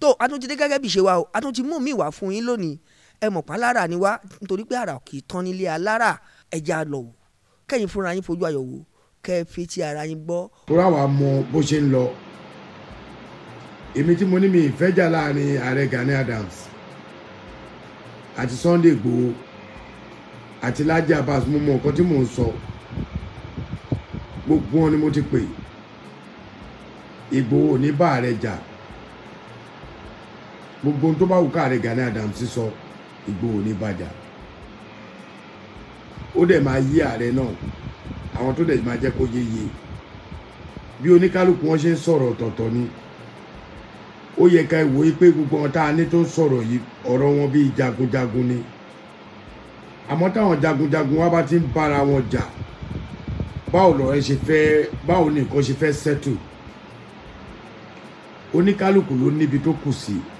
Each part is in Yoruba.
tó a tún ti dé gẹ́gẹ́ bí ṣe wa o a tún ti mú mi wá fún yín lónìí ẹ mọ̀ pa lára ni wá nítorí pé àrà kì í tán nílé alára ẹja lọ wò kẹ́yìn fúnra yín fojú ayọ̀ kẹ́ ẹ fi ti ara yín gbọ́. tóra wàá mọ bó ṣe ń lọ èmi tí mo ní mi ìfẹ́jà láàrin ààrẹ Gani Adams àti Sunday Igboho àti Laji Abbas mo mọ nǹkan tí mò ń sọ gbogbo wọn ni mo ti pè Igboho ní bá ààrẹ jà. Ja gbogbo tó bá wù káàrẹ Gani Adams sísọ Ìgbòho ní bàjá ó dẹ̀ máa yí ààrẹ náà àwọn tó dẹ̀ máa jẹ́ kó yéye bí oníkálukú wọn ṣe ń sọ̀rọ̀ ọ̀tọ̀ọ̀tọ̀ ni ó yẹ ká ìwòye pé gbogbo wọn tá a ní tó ń sọ̀rọ̀ yìí ọ̀rọ̀ wọn bíi jagunjagun ni àmọ́ táwọn jagunjagun wa bá ti ń bára wọn jà báwo lọ̀rẹ́ ṣe fẹ́ báwo ni nǹkan ṣe fẹ́ sẹ́tù oníkálukú ló níbi tó kù sí i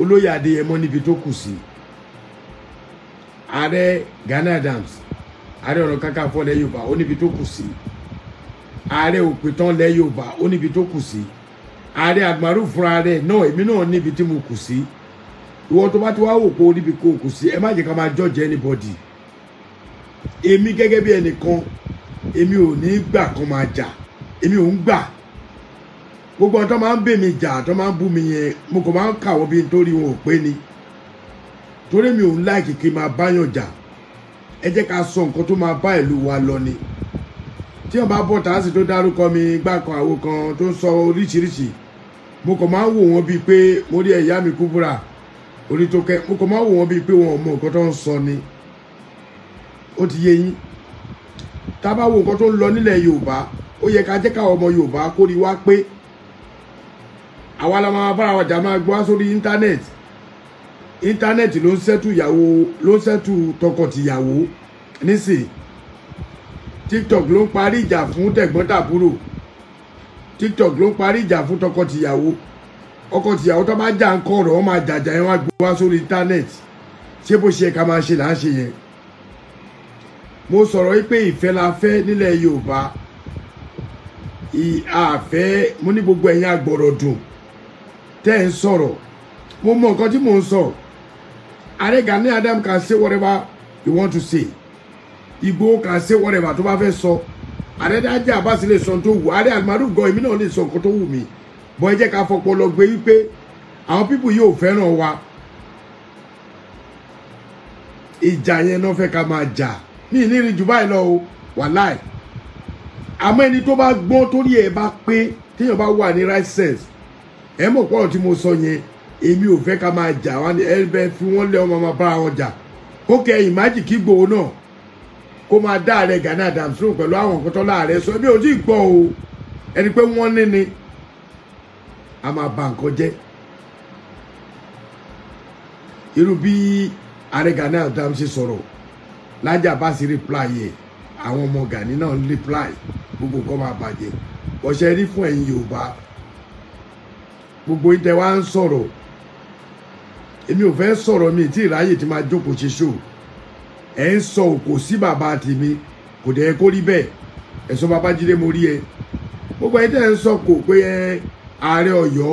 olóyè adéyẹmọ níbi tó kù sí ààrẹ Gani Adams ààrẹ ọ̀nà kakanfò lẹ́ yorùbá ó níbi tó kù sí ààrẹ òpìtàn lẹ́ yorùbá ó níbi tó kù sí ààrẹ àgbàrú fúnra rẹ̀ náà èmi náà níbi tí mo kù sí ìwọ tó bá ti wá wò pé ó níbi kó kù sí ẹ má jẹ́ ká máa judge anybody èmi gẹ́gẹ́ bí ẹnìkan èmi ò ní gbà kan máa jà èmi ò ń gbà gbogbo ọ̀tọ́ máa ń bè mí jà tó máa ń bú mi yẹn mo kàn máa ń kà wọ́n bí nítorí wọn ò pé ni torí mi ò ń láì kìkì máa báyàn jà ẹ jẹ́ ká sọ nǹkan tó máa bá ìlú wa lọ ni tí wọn bá bọ̀ tàásì tó dárúkọ mi gbà kan àwo kan tó ń sọ oríṣiríṣi mo kàn máa ń wò wọ́n bíi pé mo rí ẹ̀yà mi kú búra orí mo kàn máa ń wò wọ́n bíi pé wọn ò mọ nǹkan tó ń sọ ni ó ti yé yín tá a bá wo nǹkan tó ń lọ nílẹ̀ Yorùbá ó yẹ ká jẹ́ káwọn ọmọ Yorùbá kórìí wá pé àwa la máa bára wa jà máa gbọ́ sórí íńtánẹ́ẹ̀tì íńtánẹ́ẹ̀tì ló ń sẹ́tù ìyàwó ló ń sẹ́tù tọkọtìyàwó nísìn tiktok ló ń parí ìjà fún tẹ̀gbọ́ntàbúrò tiktok ló ń parí ìjà fún tọkọtìyàwó ọkọtìyàwó tó bá jà ń kọ̀rọ̀ wọn máa jàjà yẹn wá gbọ́ wá sórí íńtánẹ́ẹ̀tì ṣé bó ṣe ká máa ṣe là ń ṣe yẹn mo sọ̀rọ̀ yìí pé ìfẹ́ la fẹ́ nílẹ̀ yorùbá àfẹ́ mo ní gbogbo ẹ̀yin àgbọ̀rọ̀ dùn tẹ́ ẹ̀ ń sọ̀rọ̀ mo mọ nǹkan tí mò ń sọ Ààrẹ Gani Adam can say whatever you want to say Igboho can say whatever tó bá fẹ́ sọ Ààrẹ Dájí Abbas lè sọ tó wù Ààrẹ Almaroof gan èmi náà lè sọ nǹkan tó wù mí bọ́ ẹ jẹ́ ká fọpọ́ lọ gbé wípé àwọn pípù yóò fẹ́ràn wa ìjà yẹn náà fẹ́ ká máa jà ní ìnírin jù báyìí lọ o wàláì àmọ́ ẹni tó bá gbọ́n torí ẹ̀ bá pé téèyàn bá wà ní right sense ẹ mọ̀ pọ́n tí mo sọ yẹn èmi ò fẹ́ ká máa jà wá ní ẹ bẹ́ẹ̀ fi wọ́n lé ọmọ máa bára wọn jà ó kẹ ìmájì kí gbòó náà kó máa dá ààrẹ Gani Adams lóhùn pẹ̀lú àwọn nǹkan tó láàrẹ sọ ẹbí ò tí ì o ẹni pé wọ́n ní a máa ba nǹkan jẹ́ irú bí ààrẹ Gani Adams ṣe sọ̀rọ̀ Laji Abbas reply yẹ àwọn ọmọ Gani náà reply gbogbo nǹkan máa bàjẹ́ ọ̀ṣẹ́ rí fún ẹ̀yin Yorùbá gbogbo yín tẹ wá ń sọ̀rọ̀ èmi ò fẹ́ sọ̀rọ̀ mi tí ìráyè ti máa jókòó ṣe ṣó ẹ̀ ń sọ òkò sí bàbá tèmi kò dẹ̀ kó rí bẹ́ẹ̀ ẹ̀sọ́ babájídé mo rí ẹ gbogbo ẹ tẹ́ ẹ ń sọ kò pé ẹ ààrẹ ọ̀yọ́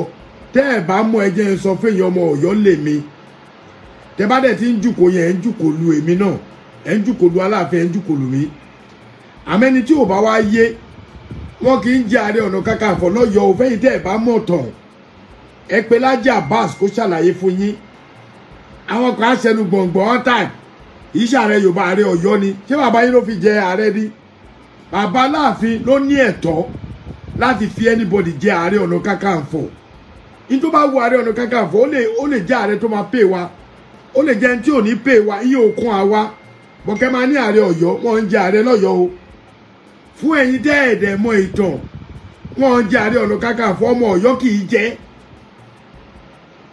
tẹ́ ẹ bá mọ ẹ jẹ́ ẹ sọ fún èèyàn ọmọ ọ̀yọ́ lèmi tẹ́ bá dẹ̀ ti ń jùkò yẹn ẹ ń jùkò lu èmi náà ẹ ń jùkò lu aláàfin ẹ ń jùkò lu mi àmẹ́ni tí ò bá wá yé wọn kì í jẹ ààrẹ ọ̀nà kakanfò lọ́yọ̀ọ́ òfẹ́yìí tẹ́ ẹ bá mọ̀ tán ẹ pé Lájì Abbas kó ṣàlàyé fún yín àwọn kan aṣẹnu gbọ̀ngbọ̀n ọ́n tà ìṣe ààrẹ Yorùbá ààrẹ Ọ̀yọ́ ni ṣé bàbá yín ló fi jẹ ààrẹ rí bàbá Aláàfin ló ní ẹ̀tọ́ láti fi anybody jẹ ààrẹ ọ̀nà kàkàǹfò ní tó bá wo ààrẹ ọ̀nà kàkàǹfò ó lè jẹ ààrẹ tó máa pè wá ó lè jẹ ẹni tí ò ní pè wá iye òkun àwa bọ̀kẹ́ máa ní ààrẹ Ọ̀yọ́ wọ́n ń jẹ ààrẹ lọ́yọ́ o fún ẹ̀yin dẹ́ẹ̀dẹ̀ mọ ìtàn wọ́n ń jẹ ààrẹ ọ̀nà kàkàǹfò ọmọ Ọ̀yọ́ kì í jẹ́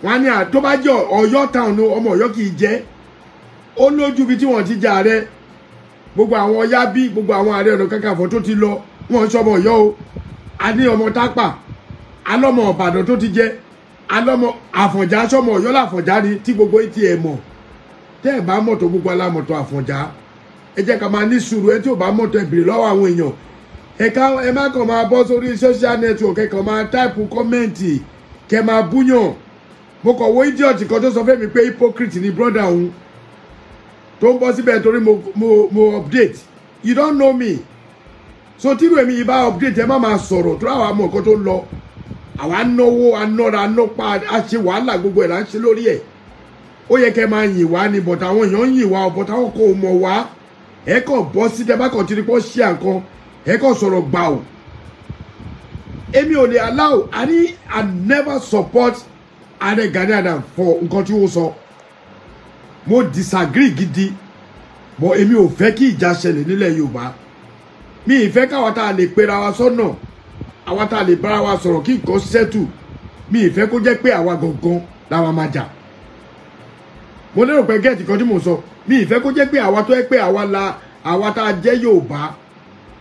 wọ́n á ní àtó bá jẹ́ ọ̀yọ́ táwọn ọmọ ọ̀yọ́ kì í jẹ́ ó lójú ibi tí wọ́n ti jẹ ààrẹ gbogbo àwọn yábí gbogbo àwọn ààrẹ ọ̀nà kakanfò tó ti lọ wọ́n ń sọmọ ọ̀yọ́ o a ní ọmọ tápà alọ́mọ ọ̀bàdàn tó ti jẹ alọ́mọ àfọ̀njá sọmọ ọ̀yọ́ làfọ̀njá ni tí gbogbo etí ẹ̀ mọ̀ tẹ́ ẹ̀ bá mọ̀tò gbogbo alámọ̀tò àfọ̀njá ẹ jẹ́ ká máa ní sùúrù ẹ tí ò bá mọ̀tò ẹ̀ bèrè lọ́wọ́ àwọn èèyàn ẹ̀ka ẹ má kàn máa bọ́ sórí social network ẹ kàn máa táìpù kọ́mẹ́ǹtì kẹ máa búyàn mo kàn wo idiot kan tó sọ fẹ́ mi pé hypocrite ni brother òun tó ń bọ́ síbẹ̀ torí mo mo mo update you don't know me so tírú èmi yìí bá update ẹ má máa sọ̀rọ̀ tó àwọn àmọ̀ nǹkan tó ń lọ àwa náwó anára anápa àṣe wàhálà gbogbo ẹ̀ là ń ṣe lórí ẹ̀ ó yẹ kẹ́ máa yìn wá ni but àwọn èèyàn ń yìn wá but àwọn kò mọ̀ wá ẹ kàn bọ́ sí dẹ́ bá kàn ti rí pọ́ ṣí àǹkan ẹ kàn sọ̀rọ̀ gbà ò èmi ò lè allow I need I never support ààrẹ Gani Adams for nǹkan tí mo disagree gidi bọ emi ò fẹ́ kí ìjà ṣẹlẹ̀ nílẹ̀ yoruba mi ì kawata le tá pera wa sọ́nà àwa tá a lè wa sọ̀rọ̀ kí nǹkan ṣẹ́tù mi ì ko kó pe awa àwa gangan làwa máa jà mo lérò pé gẹ́ẹ̀tì kan tí mo sọ mi ì ko kó pe awa àwa tó yẹ pé la awa ta a yoruba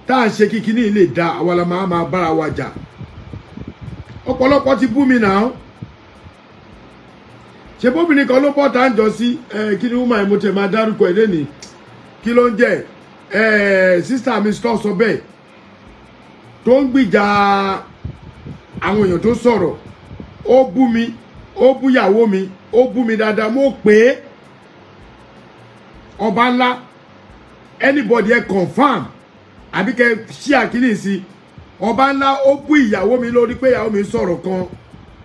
ta se a ṣe da àwa la máa máa wa ja ọ̀pọ̀lọpọ̀ ti bu mi ṣe bóbìnrin kan ló bọ́ tá à ń jọ sí kí ni woman mo tẹ̀ máa dárúkọ ẹ̀ lẹ́nìí kí ló ń jẹ́ sísá mi stọ́ sọ bẹ́ẹ̀ tó ń gbìjà àwọn èèyàn tó sọ̀rọ̀ ó bú mi ó bú yàwó mi ó bú mi dáadáa mo pè é ọba ńlá anybody ẹ confam àbí kẹ ṣí àkíyèsí ọba ńlá ó bú ìyàwó mi lórí pé ìyàwó mi sọ̀rọ̀ kan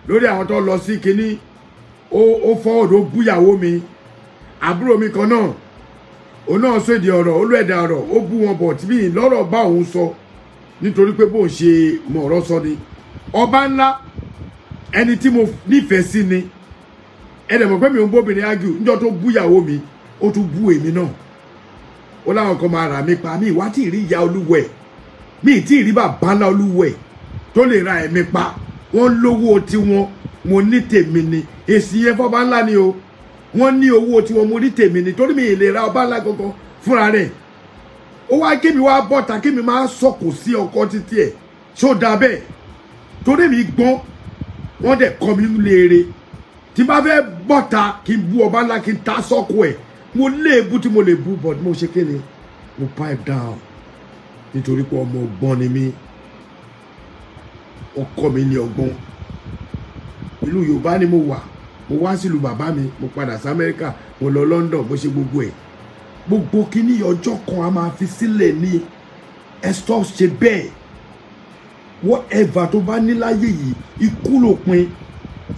lórí àwọn tó lọ sí kínní ó ó fọwọ́dù ó búyàwó mi àbúrò mi kan náà òun náà sóde ọ̀rọ̀ ó lọ ẹ̀dà ọ̀rọ̀ ó bú wọn bọ̀ tí bí lọ́rọ̀ bá òun sọ nítorí pé bóun ṣe mọ̀ sọ ni ọba ńlá ẹni tí mo nífẹ̀ẹ́ sí ni ẹ̀dẹ̀ mọ̀ pé mi ò ń bóbìnrin ágìl níjọ́ tó búyàwó mi ó tún bú èmi náà ó láwọn kan máa rà mí pa mi ìwá tí ì rí ìyá olúwẹ̀ mi ì tí ì rí bàbá ńlá olúwẹ̀ tó lè ra ẹ̀mí pa wọ́n lówó tiwọn mo ní tèmi ni èsì yẹn fọba ńlá ni o wọ́n ní owó tiwọn mo ní tèmi ni torí mi ìlera ọba ńlá gangan fúnra rẹ̀ ó wá kémi wá bọ́ta kémi máa sọ̀kò sí ọkọ títí ẹ̀ ṣó dáa bẹ́ẹ̀ torí mi gbọ́n wọ́n dẹ̀ kọ́ mi léere tí bá fẹ́ bọ́ta kí n bu ọba ńlá kí n ta sọ́kò ẹ̀ mo léèbú tí mo lè bu bọ̀ mo ṣe kéde mo pipe down nítorí pé ọmọ ọgbọ́n ni mí ọkọ mi ní ọgbọ́n ìlú yorùbá ni mo wà mo wá sílùú bàbá mi mo padà sí amẹ́ríkà mo lọ london mo ṣe gbogbo ẹ̀ gbogbo kíní ọjọ́ kan a máa fi sílẹ̀ ní estop ṣe bẹ́ẹ̀ whatever tó bá ní láyé yìí ikú lópin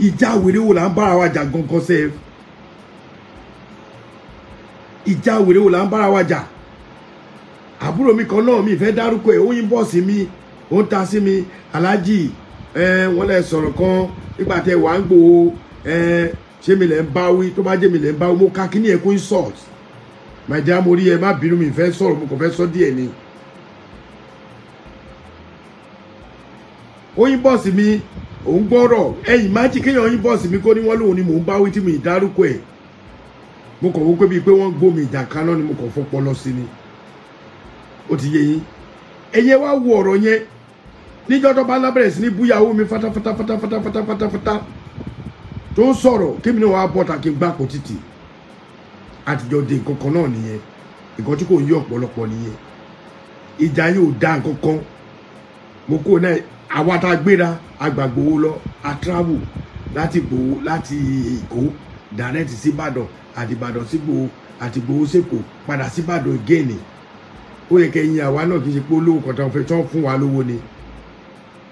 ìjà wèrè wo là ń bára wa jà gangan sẹ́ẹ̀ ìjà wèrè wo là ń bára wa jà àbúrò mi kan náà mi ìfẹ́ dárúkọ ẹ̀ ó yín bọ́ọ̀sì mi ó ń ta sí mi aláàjì Ee, lẹ sọ̀rọ̀ kan nígbà tẹ wàá ń gbòó ṣé mi lẹ̀ ń bá tó bá jẹ́ mi lẹ̀ ń bá mo ka kíní ẹ̀ kó insult my dear mo rí ẹ má bínú mi fẹ́ sọ̀rọ̀ mo kàn sọ díẹ̀ ni. oyin bọ́ọ̀sì mi òun gbọ́rọ̀ ẹ̀yìn má jí kéèyàn oyin bọ́ọ̀sì mi kó ní wọ́n lòun ni bá tí ẹ̀ mo kàn wọ́n pé wọ́n ìjà kaná ni mo kàn sí ni ó ti yín ẹ̀yẹ wá níjọ́ tó bá lábẹ̀rẹ̀ sí ní búyàwó mi fátáfátáfátáfátáfátá tó ń sọ̀rọ̀ kémi náà wàá bọ́ta kí n gbá àpò títì àtijọ́ de nǹkan kan náà nìyẹn nǹkan tí kò yí ọ̀pọ̀lọpọ̀ nìyẹn ìjà yóò dá nǹkan mo kó náà àwa tá a gbéra agbàgbowó lọ a travel láti gbowó láti èkó direct sí ìbàdàn àti ìbàdàn sí gbowó àti gbowó sèkó padà sí ìbàdàn again ó yẹ kẹ́yìn àwa náà kì í ṣe pé olówó kan tó ń fẹ́ fún wa lówó ni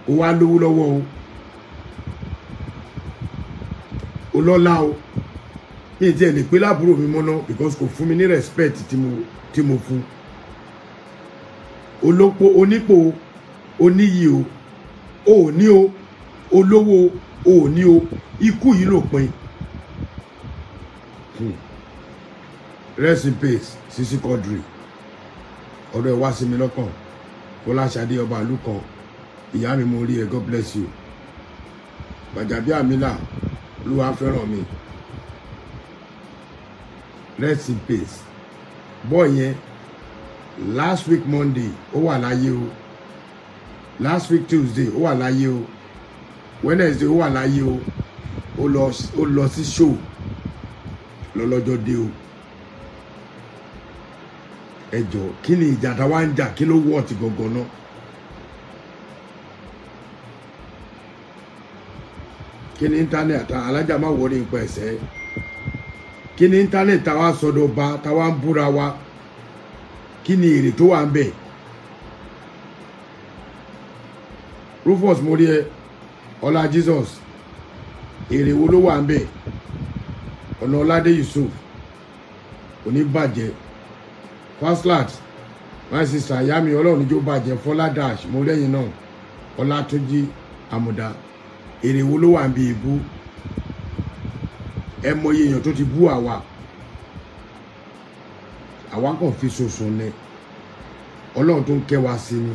ó wá lówó lọ́wọ́ o ó lọ́lá o mi ì tiẹ̀ lè pé láàbúrò mi mọ́ná because kò fún mi ní respect tí mo tí mo fún olópo onípò oníyì o ò ní o olówó o ò ní o ikú yìí lòpin hmm. rest in peace Sisi Quadri ọ̀rọ̀ ẹ̀ wá sí mi lọ́kàn Fọláṣadé ọba ìlú kan ìyá mi mo rí ẹ god bless you Gbajabiamila olúwa fẹ́ràn mi rest in peace bọ́ yẹn last week monday ó wà láyé o last week tuesday ó wà láyé o wednesday ó wà láyé o ó lọ sí show lọ́lọ́jọ́ dé o ẹ jọ kí ni ìjà tá wá ń jà kí ló wọ̀ ọ́ gangan náà. Kini ni íńtánẹ̀tì àtà alájà má wọlé nǹkan ẹ̀sẹ̀ kí ni íńtánẹ̀tì táwa sọdọ̀ búra wa kí ni èrè tó wà ń bẹ̀. Rufus mo rí ọlá Jesus èrè wo ló wà ń bẹ̀ ọ̀nà ọládé Yusuf oníbàjẹ́ faslat my sister ìyá mi ọlọ́run níjó bàjẹ́ fọlá dash mo lẹ́yìn náà ọlátúnjí àmùdá èrè wo ló wà ń bi ìbú ẹ mọye èèyàn tó ti bú àwa àwa kàn fi ṣoṣo ni ọlọ́run tó ń kẹ́ wa sí ni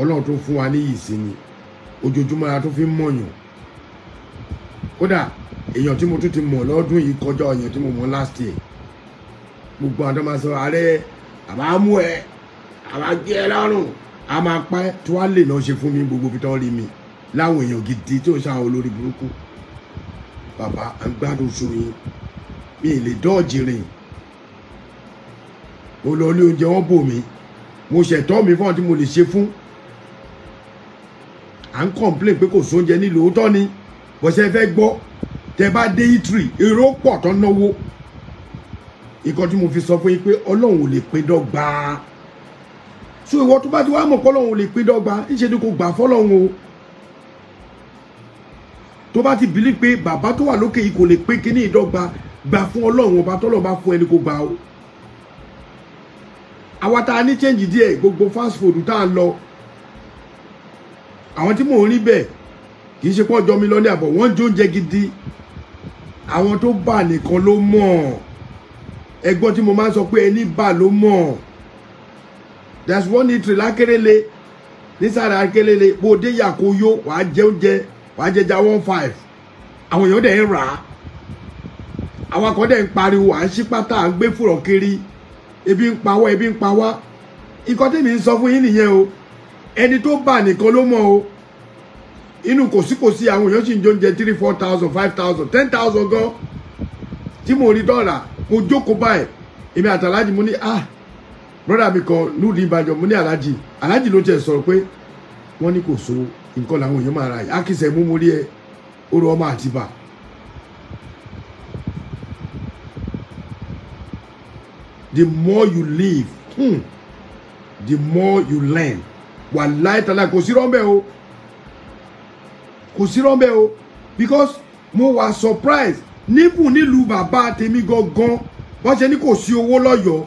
ọlọ́run tó ń fún wa níyì sí ni ojoojúmọ́ ara tó fi ń mọ̀yàn kódà èèyàn tí mo tún ti mọ̀ lọ́dún yìí kọjá èèyàn tí mo mọ̀ last year gbogbo àwọn tó sọ ààrẹ àbá mú ẹ àbá gé ẹ lọ́rùn a máa pa tí wàá lè lọ ṣe fún mi gbogbo fi tán rí mi láwọn èèyàn gidi tí ò ń ṣe àwọn olórí burúkú bàbá à ń gbádùn oṣù yìí mi ì lè dọ́ọ̀jì rìn mo lọ ilé oúnjẹ wọn bò mí mo ṣẹ̀tọ́ mi fún ọ tí mo lè ṣe fún à ń complain pé kò sóúnjẹ nílò òótọ́ ni bọ́sẹ̀ fẹ́ gbọ́ tẹ bá dé itri èrò pọ̀ tó náwó nǹkan tí mo fi sọ fún yín pé ọlọ́run ò lè pín dọ́gba so ìwọ tó bá ti wá mọ̀ pé ọlọ́run ò lè pín dọ́gba ńṣe ni kò gbà fọlọ́run o tó bá ti bìlí pé bàbá tó wà lókè yìí kò lè pé kíní ìdọ́gba gbà fún ọlọ́run ọba tọ́lọ́ bá fún ẹni kò gbà o àwa tá a ní change díẹ̀ gbogbo fast food tá a lọ àwọn tí mò ń rí bẹ́ẹ̀ kì í ṣe pọ́ jọmi lọ àbọ̀ wọ́n ń jó gidi àwọn tó bà nìkan ló mọ̀ ẹgbọ́n tí mo máa ń sọ pé ẹni bà ló mọ̀ that's one little lákérélé nísàlẹ̀ akérélé bó o dé yà kó jẹ oúnjẹ wàá jẹjà one five àwọn èèyàn dẹ̀ ń rà á àwọn kan dẹ̀ ń pariwo à ń ṣí pátá à ń gbé fùrọ̀ kiri ebi ń pa wá ebi ń pa wá nǹkan tèmi ń sọ fún yín nìyẹn o ẹni tó bà nìkan ló mọ̀ o inú kòsíkòsí àwọn èèyàn sì ń jóúnjẹ three four thousand five thousand ten thousand gan tí mo rí dọ́là mo jókòó báyìí èmi àtàlájì mo ní ah brother, mi kan lùdí ìbàdàn mo ní alájì alájì ló tiẹ̀ sọ̀rọ̀ pé wọ́n ní kò sówó nǹkan làwọn èèyàn máa ra yìí akínsẹ̀ mú mú rí ẹ ó rọ ọmọ àtibá. the more you live hmm, the more you learn wàláì tàlà kò sí rọ́ńbẹ́ o kò sí rọ́ńbẹ́ o because mo wà surprise níbùn nílùú bàbá tèmi gangan wọ́n ṣe ní kò sí owó lọ́yọ̀ọ́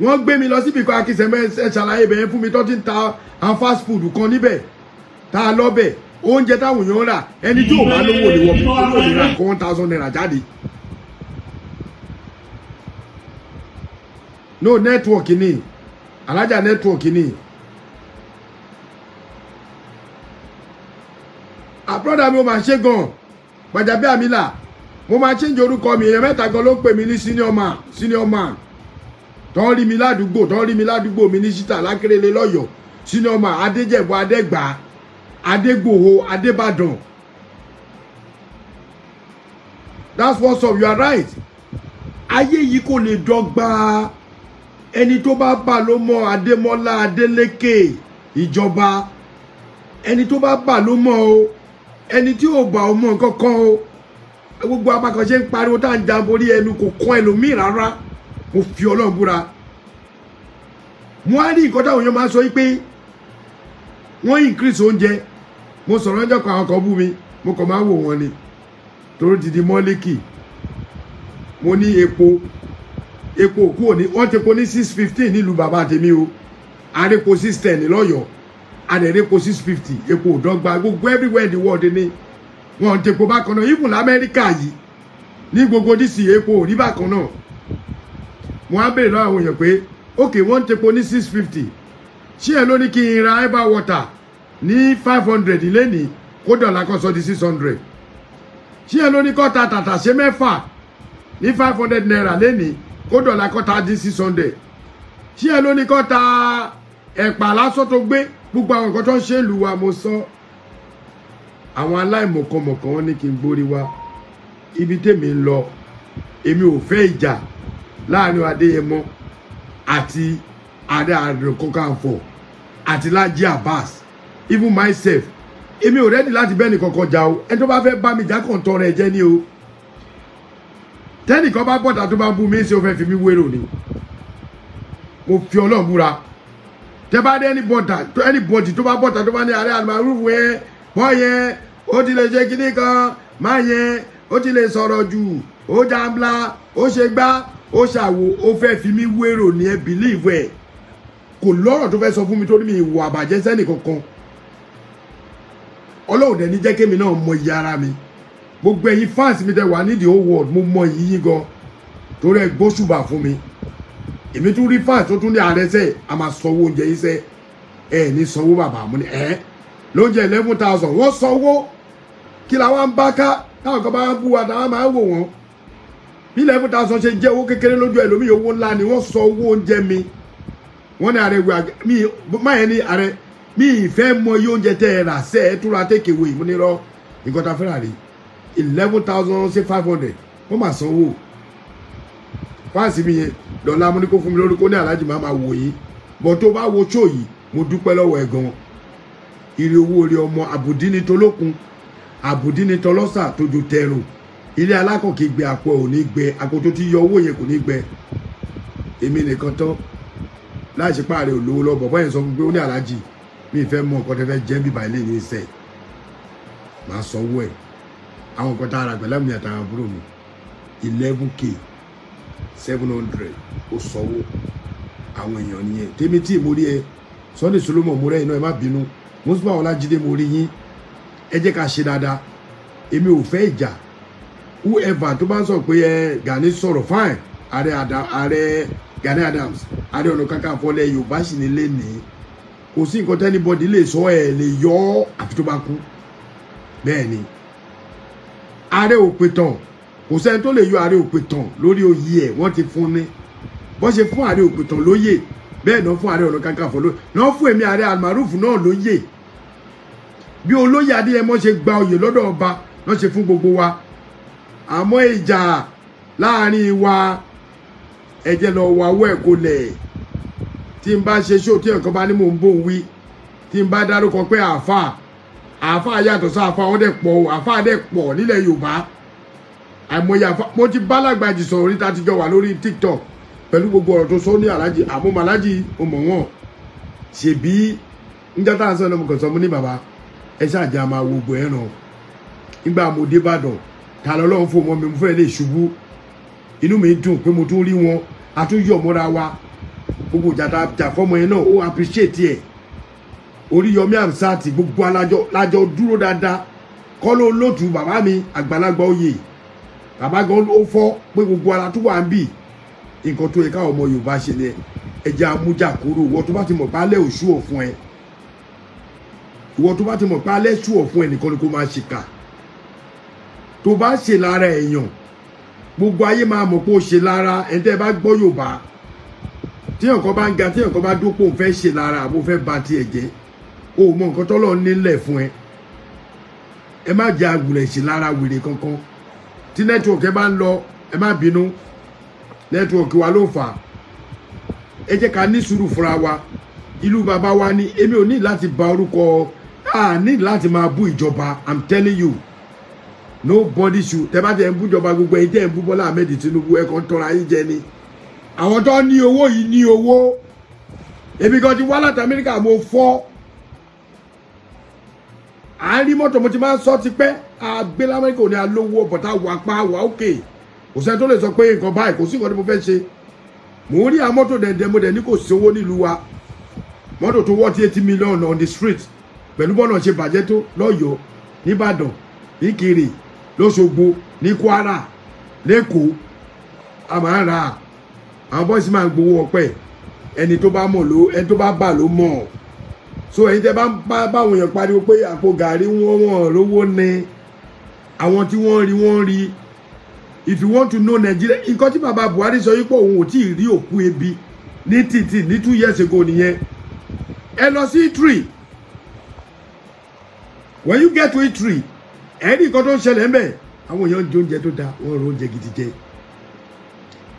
wọ́n gbé mi lọ síbi kan akínsẹ̀ mẹ́ ẹ ṣàlàyé bẹ́ẹ̀ fún mi tó ti ń ta ah, fast food kan níbẹ̀ tá a lọ́bẹ̀ oúnjẹ táwọn èèyàn rà ẹni tí ò bá lówó lè wọ bí owó lè ra nǹkan one thousand naira jáde. no nẹ́tíwọ̀kì ni alájà nẹ́tíwọ̀kì ni. àbúrọ̀dà mi ò máa ṣe gan-an Gbajabiamila mo máa change orúkọ mi èèyàn mẹ́ta gan ló ń pè mí ní senior man senior man tó ń rí mi ládùúgbò tó ń rí mi ládùúgbò mínísítà lákèrèlé lọ́yọ̀ọ́ senior man adéjẹ̀bọ adẹ́gbàá Adegboho Adebadan. That's what's up. You are right. Ayé yìí kò lè dọ́gba ẹni tó bá bà ló mọ Adémọ́lá Adélékè ìjọba ẹni tó bá bà ló mọ o ẹni tí ò bà ó mọ nǹkan kan o gbogbo abakànṣe ń pariwo tá à ń jamborí ẹnu kò kọ́ ẹlòmíì rárá mo fi Ọlọ́run búra mo á rí nǹkan táwọn èèyàn máa ń sọ yìí pé wọ́n increase oúnjẹ mo sọ̀rọ̀ ọjọ́ kan àwọn kan bú mi mo kàn máa wò wọ́n ni torí ti di mọ́líkì mo ní epo epo òkú òní wọ́n ti po ní six fifteen nílùú bàbá tèmi o àrépo six ten lọ́yọ̀ọ́ àdẹ̀répo six fifty epo òdọ́gba gbogbo everywhere in the world ni wọ́n ti po bákan náà even lamẹ́ríkà yìí ní gbogbo díìsì epo òní bákan náà wọ́n á béèrè lọ́wọ́ àwọn èèyàn pé ok wọ́n ti po ní six fifty ṣé ẹ ló ní kí n ra eba water ní five hundred lẹ́nìí kó dọ̀là kan di six hundred ṣé ẹ ló ní kó ta tàtàṣé mẹ́fà ní five hundred naira lẹ́nìí kó dọ̀là kan ta di six hundred ṣé ẹ ló ní kó ta ẹ̀pà lásán tó gbé gbogbo àwọn nǹkan tó ń ṣe ìlú wa mo sọ àwọn aláìmọ̀kànmọ̀kàn wọn ní kí n gbórí wa ibi tèmi ń lọ èmi ò fẹ́ ìjà láàrin Adéyẹmọ àti Ààrẹ Ọ̀nà àti Laji Abbas even myself èmi ò rẹ́dì láti bẹ́ẹ̀ nìkan kọjá o ẹni tó bá fẹ́ bá mi jà kàn tọrọ ẹ jẹ́ ni o tẹ́nìkan bá bọ̀dà tó bá ń bú mi ṣe o fẹ́ fi mi wérò ni mo fi ọlọ́run búra tẹ bá dé ẹni bọ̀dà ẹni bọ̀dì tó bá bọ̀dà tó bá ní ààrẹ àlùmárùfù yẹn wọ́n yẹn ó ti lè ṣe kinní kan má yẹn ó ti lè sọ̀rọ̀ jù ó jàǹbla ó ṣe gbá ó ṣàwò ó fẹ́ fi mi wérò ni ẹ bìlíìfù ẹ̀ kò lọ́rọ̀ tó fẹ́ sọ fún mi torí mi ìwà àbàjẹ́ sẹ́nì kankan ọlọ́run dẹ̀ ní jẹ́ kémi náà mọ iye ara mi gbogbo ẹ̀yin fans mi tẹ wà nídìí whole world mo mọ iyì yín gan torí ẹ gbóṣùbà fún mi èmi tún rí fans tó tún ní ààrẹ sẹ́ a máa sanwó oúnjẹ yín sẹ́ ẹ ní sanwó bàbá mu ni ẹ lóúnjẹ eleven thousand wọ́n sanwó kí làwọn ń bá ká táwọn kan bá ń bú wa táwọn máa ń wò wọ́n bí eleven thousand ṣe jẹ́ owó kékeré lójú ẹlòmíì owó ńlá ni wọ́n sanwó oúnjẹ mi wọ́n ní ààrẹ wíwá mi máyẹ̀ ní ààrẹ mi ìfẹ́ mọ iye oúnjẹ tẹ́ ẹ rà sẹ́ ẹ túra take away mo ní rọ nǹkan ta fẹ́ràn eleven thousand sí five hundred wọ́n mà sanwó fáàsì mi yẹn dọ̀la mo ní fún mi lórúkọ ní aláàjì máa ma wò yín bọ̀ tó bá wo ṣó yìí mo dúpẹ́ lọ́wọ́ ẹ̀ gan ire owó orí ọmọ àbùdí ni tolókun àbùdí ni tọlọ́sà tójú tẹrùn ilé alákọ̀ọ́kì gbé àpò ò gbẹ àpò ti yọ owó yẹn kò ní gbẹ èmi nìkan tán láì ṣe páàrẹ̀ olówó lọ́bọ̀ bọ́yẹ̀ sọ fún pé ó ní aláàjì mi ìfẹ́ mọ nǹkan tẹ́ fẹ́ jẹ́ bíbá ilé ní sẹ́ẹ̀ máa sanwó ẹ̀ àwọn nǹkan tá a rà pẹ̀lú àtàwọn àbúrò mi eleven k seven hundred ó sanwó àwọn èèyàn nìyẹn tèmi tí mo rí ẹ Sunday Solomon mo rẹ iná ẹ má bínú mùsùlùmí àwọn Ọlájídé mo rí yín ẹ jẹ́ ká ṣe dáadáa èmi ò fẹ́ ìjà whoever tó bá ń sọ pé ẹ Gani sọ̀rọ̀ fine ààrẹ Gani Adams ààrẹ ọ̀nà kakanfò lẹ yorùbá sì nílé ní kò sí nǹkan tẹ́nibọ́dì lè sọ ẹ̀ lè yọ ọ́ àfi tó bá kú bẹ́ẹ̀ ni ààrẹ ò pé tán kò sẹ́ni tó lè yọ ààrẹ ò pé tán lórí oyè ẹ̀ wọ́n ti fún ní bọ́n ṣe fún ààrẹ ò pé tán lóyè bẹ́ẹ̀ náà fún ààrẹ ọ̀nà kakanfò lóyè náà fún èmi ààrẹ almaruf náà lóyè bí olóyè adéyẹmọ ṣe gba oyè lọ́dọ̀ ọba náà ṣe fún gbogbo wa àmọ́ ìjà láàrin wa ẹ jẹ́ lọ wọ awọ́ ẹ̀ kó lẹ̀ tí n bá ṣe ṣó tí nǹkan bá ní mò ń bò ń wí tí n bá dárúkọ pé àáfàá àáfàá yàtọ̀ sí àáfàá wọn dẹ̀ pọ̀ o àáfàá dẹ̀ pọ̀ nílẹ̀ Yorùbá àìmọye àáfàá mo ti bá Lagbaji sọ̀rọ̀ níta ti jọ wà lórí TikTok pẹ̀lú gbogbo ọ̀rọ̀ tó sọ ní aláàjì àmúmọ̀ aláàjì ọmọ wọn ṣèbí níjọ́ tá à ń sọ ọmọ kan sọ mo ní bàbá ẹ ṣáàjà máa wo gbọ̀ ẹ̀ràn nígbà mo dé Ìbàdàn ta lọ́lọ́run fún ọmọ mi mo fẹ́ lè ṣubú inú mi dùn pé mo tún rí wọn a tún yọ̀ mọ́ra wa gbogbo ìjàdá jà yẹn náà ó appreciate ẹ̀ Oríyọmí Hamzat gbogbo alájọ lájọ dúró dáadáa kọ́ ló lótú bàbá mi àgbàlagbà oyè bàbá gan ó fọ́ pé gbogbo ara tó wà ń bì nǹkan tó yẹ káwọn ọmọ Yorùbá ṣe ni ẹjẹ amújà kúrò wọ́n tó bá ti mọ̀ pé alẹ́ òṣù ọ̀fun ẹ̀ ìwọ tó bá ti mọ̀ pé alẹ́ ṣùọ̀ fún ẹnìkan ni kó máa ṣìkà tó bá ṣe lára èèyàn gbogbo ayé máa mọ̀ pé ó ṣe lára ẹni tẹ́ ẹ bá gbọ́ Yorùbá tíyàn kan bá ń ga tíyàn kan bá dúpọ̀ fẹ́ ṣe lára àbò fẹ́ ba tiẹ̀ jẹ́ o mọ nǹkan tọ́lọ́ nílẹ̀ fún ẹ ẹ má jẹ àgùlẹ̀ ṣe lára wèrè kankan tí nẹ́tíwọ̀kì ẹ bá ń lọ ẹ má bínú nẹ́tíwọ̀kì wa ló fà á ẹ jẹ́ ká ní sùúrù fúnra wa ìlú bàbá wa ni èmi ò ní láti ba orúkọ a láti máa bú ìjọba i'm telling you nobody should tẹ bá tẹ ń bú ìjọba gbogbo ẹ̀yin tẹ ń bú Bọ́lá Ahmed Tinubu ẹ kàn tọra yín jẹ ni àwọn tó ní owó yìí ní owó èmi kan ti wá láti Amẹ́ríkà mo fọ́ à ń rí mọ́tò mo ti máa ń sọ ti pẹ́ àgbẹ̀ lamẹ́ríkà ò ní alówó bọ̀tà wà pa wà òkè kò sẹ́ni tó lè sọ pé nǹkan báyìí kò sí nǹkan tí mo fẹ́ ṣe mò ń rí àwọn mọ́tò dẹ̀dẹ̀ mo dẹ̀ ní kò sówó nílùú wa mọ́tò tó wọ́n ti eighty million on the street pẹ̀lú bọ́ọ̀nà ṣe bàjẹ́ tó lọ́yọ̀ọ́ nìbàdàn níkiri lọ́sọ̀gbò ní Kwara lẹ́kọ̀ọ́ a máa ń ra àwọn bọ́ìsì máa ń gbowó ọpẹ́ ẹni tó bá mọ̀ ló ẹni tó bá bà ló mọ̀ so ẹni tẹ́ bá ń bá báwọn èèyàn pariwo pé àpò gàrí wọn wọn lówó ni àwọn tí wọ́n rí wọ́n rí if you want to know Nigeria nǹkan tí bàbá Buhari sọ yípo òun ò tí ì rí òkú ebi ní títì ní two years ago nìyẹn ẹ lọ sí Italy when you get to Italy ẹ̀rí nǹkan tó ń ṣẹlẹ̀ ń bẹ̀ àwọn èèyàn ń jẹ oúnjẹ tó dáa wọ́n ń ro oúnjẹ gidi jẹ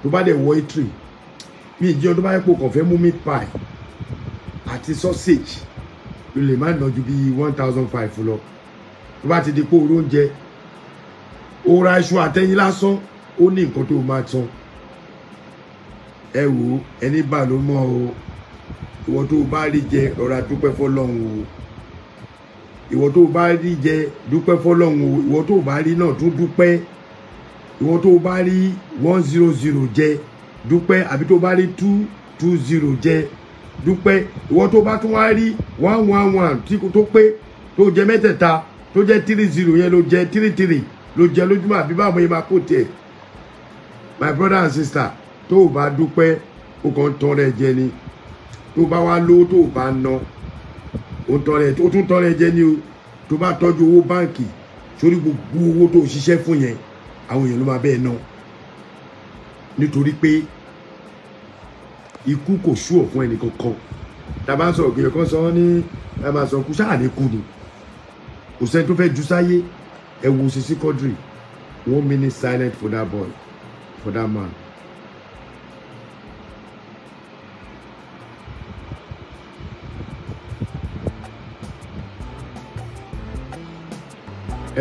tó bá dẹ̀ wọ itri mi ì jẹun tó bá yẹ kó kàn fẹ́ mú meat pie àti sausage ló lè má ná ju bí one thousand five lọ tó bá ti di pé oró oúnjẹ ó ra iṣu àtẹyin lásán ó ní nǹkan tó máa tan ẹ wò ó ẹni bà ló mọ̀ o ìwọ tó o bá rí jẹ rọra dúpẹ́ fọlọ́run o ìwọ tó bá rí jẹ dúpẹ́ fọlọ́run o ìwọ tó bá rí náà tún dúpẹ́ ìwọ tó bá rí one zero zero jẹ dúpẹ́ àbí tó bá rí two two zero jẹ dúpẹ́ ìwọ tó bá tún wá rí one one one tó pé tó jẹ mẹ́tẹ̀ẹ̀ta tó jẹ three zero yẹn ló jẹ three three ló jẹ lójúmọ́ àbí báwo yẹn máa kó tiẹ̀ my brother and sister tó o bá dúpẹ́ o kàn ń tọrẹ jẹ ni tó o bá wá lówó tó o bá ná. No ó tún tọrẹ jẹ ní o tó bá tọ́jú owó báǹkì sórí gbogbo owó tó ṣiṣẹ́ fún yẹn àwọn èèyàn ló máa bẹ́ẹ̀ ná nítorí pé ikú kò ṣúọ̀ fún ẹnì kankan tá a bá kan sọ ọ́ ní ẹ máa sáà ní kú ni kò sẹ́ni tó fẹ́ ju sáyé ẹ wo Sisi Quadri one minute silent for that boy for that man.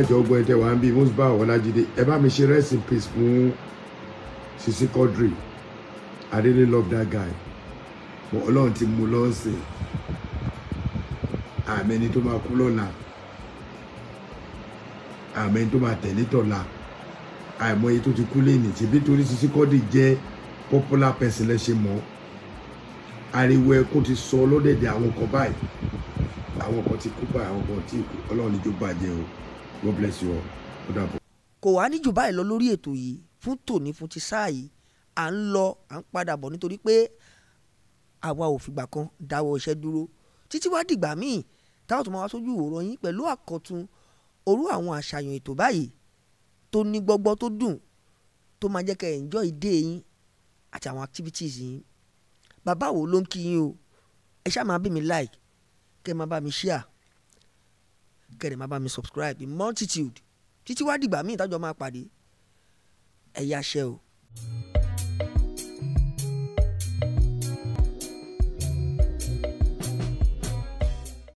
ẹjọ ogun ẹtẹ wà ń bí Musbah Ọlájídé ẹ bá mi ṣe rest in peace fún Sisi Quadri I really love that guy but Ọlọ́run ti mú lọ́sìn àmẹni tó máa kú lọ́la àmẹni tó máa tẹ̀lé tọ̀la àìmọye tó ti kú lẹ́yìn tìbí torí Sisi Quadri jẹ́ popular person lẹ́sẹ̀ mọ́ ariwo ẹkún ti sọ lọ́dẹ̀dẹ̀ àwọn kan báyìí àwọn kan ti kú báyìí àwọn kan ti kú Ọlọ́run níjó bàjẹ́ o. God bless you all. Ó dàbọ̀. kò wá ní jù báyìí lọ lórí ètò yìí fún tòní fún ti sáà yìí à ń lọ à ń padà bọ̀ nítorí pé àwa ò fìgbà kan dáwọ́ iṣẹ́ dúró títí wá dìgbà míì táwọn tó máa wá sójú ìwòran yín pẹ̀lú àkọ́tun orú àwọn àṣàyàn ètò báyìí tó ní gbọ́gbọ́ tó dùn tó máa jẹ́ kẹ́ enjoy ìdè yín àti àwọn activities yín bàbá wo ló ń kí yín o ẹ ṣáà máa bí mi like kẹ́ ẹ máa bá mi share kẹrin máa bá mi subscribe the multitude títí wá dìgbà míì tájọ máa pàdé ẹ̀yà ṣẹ́ o. thank you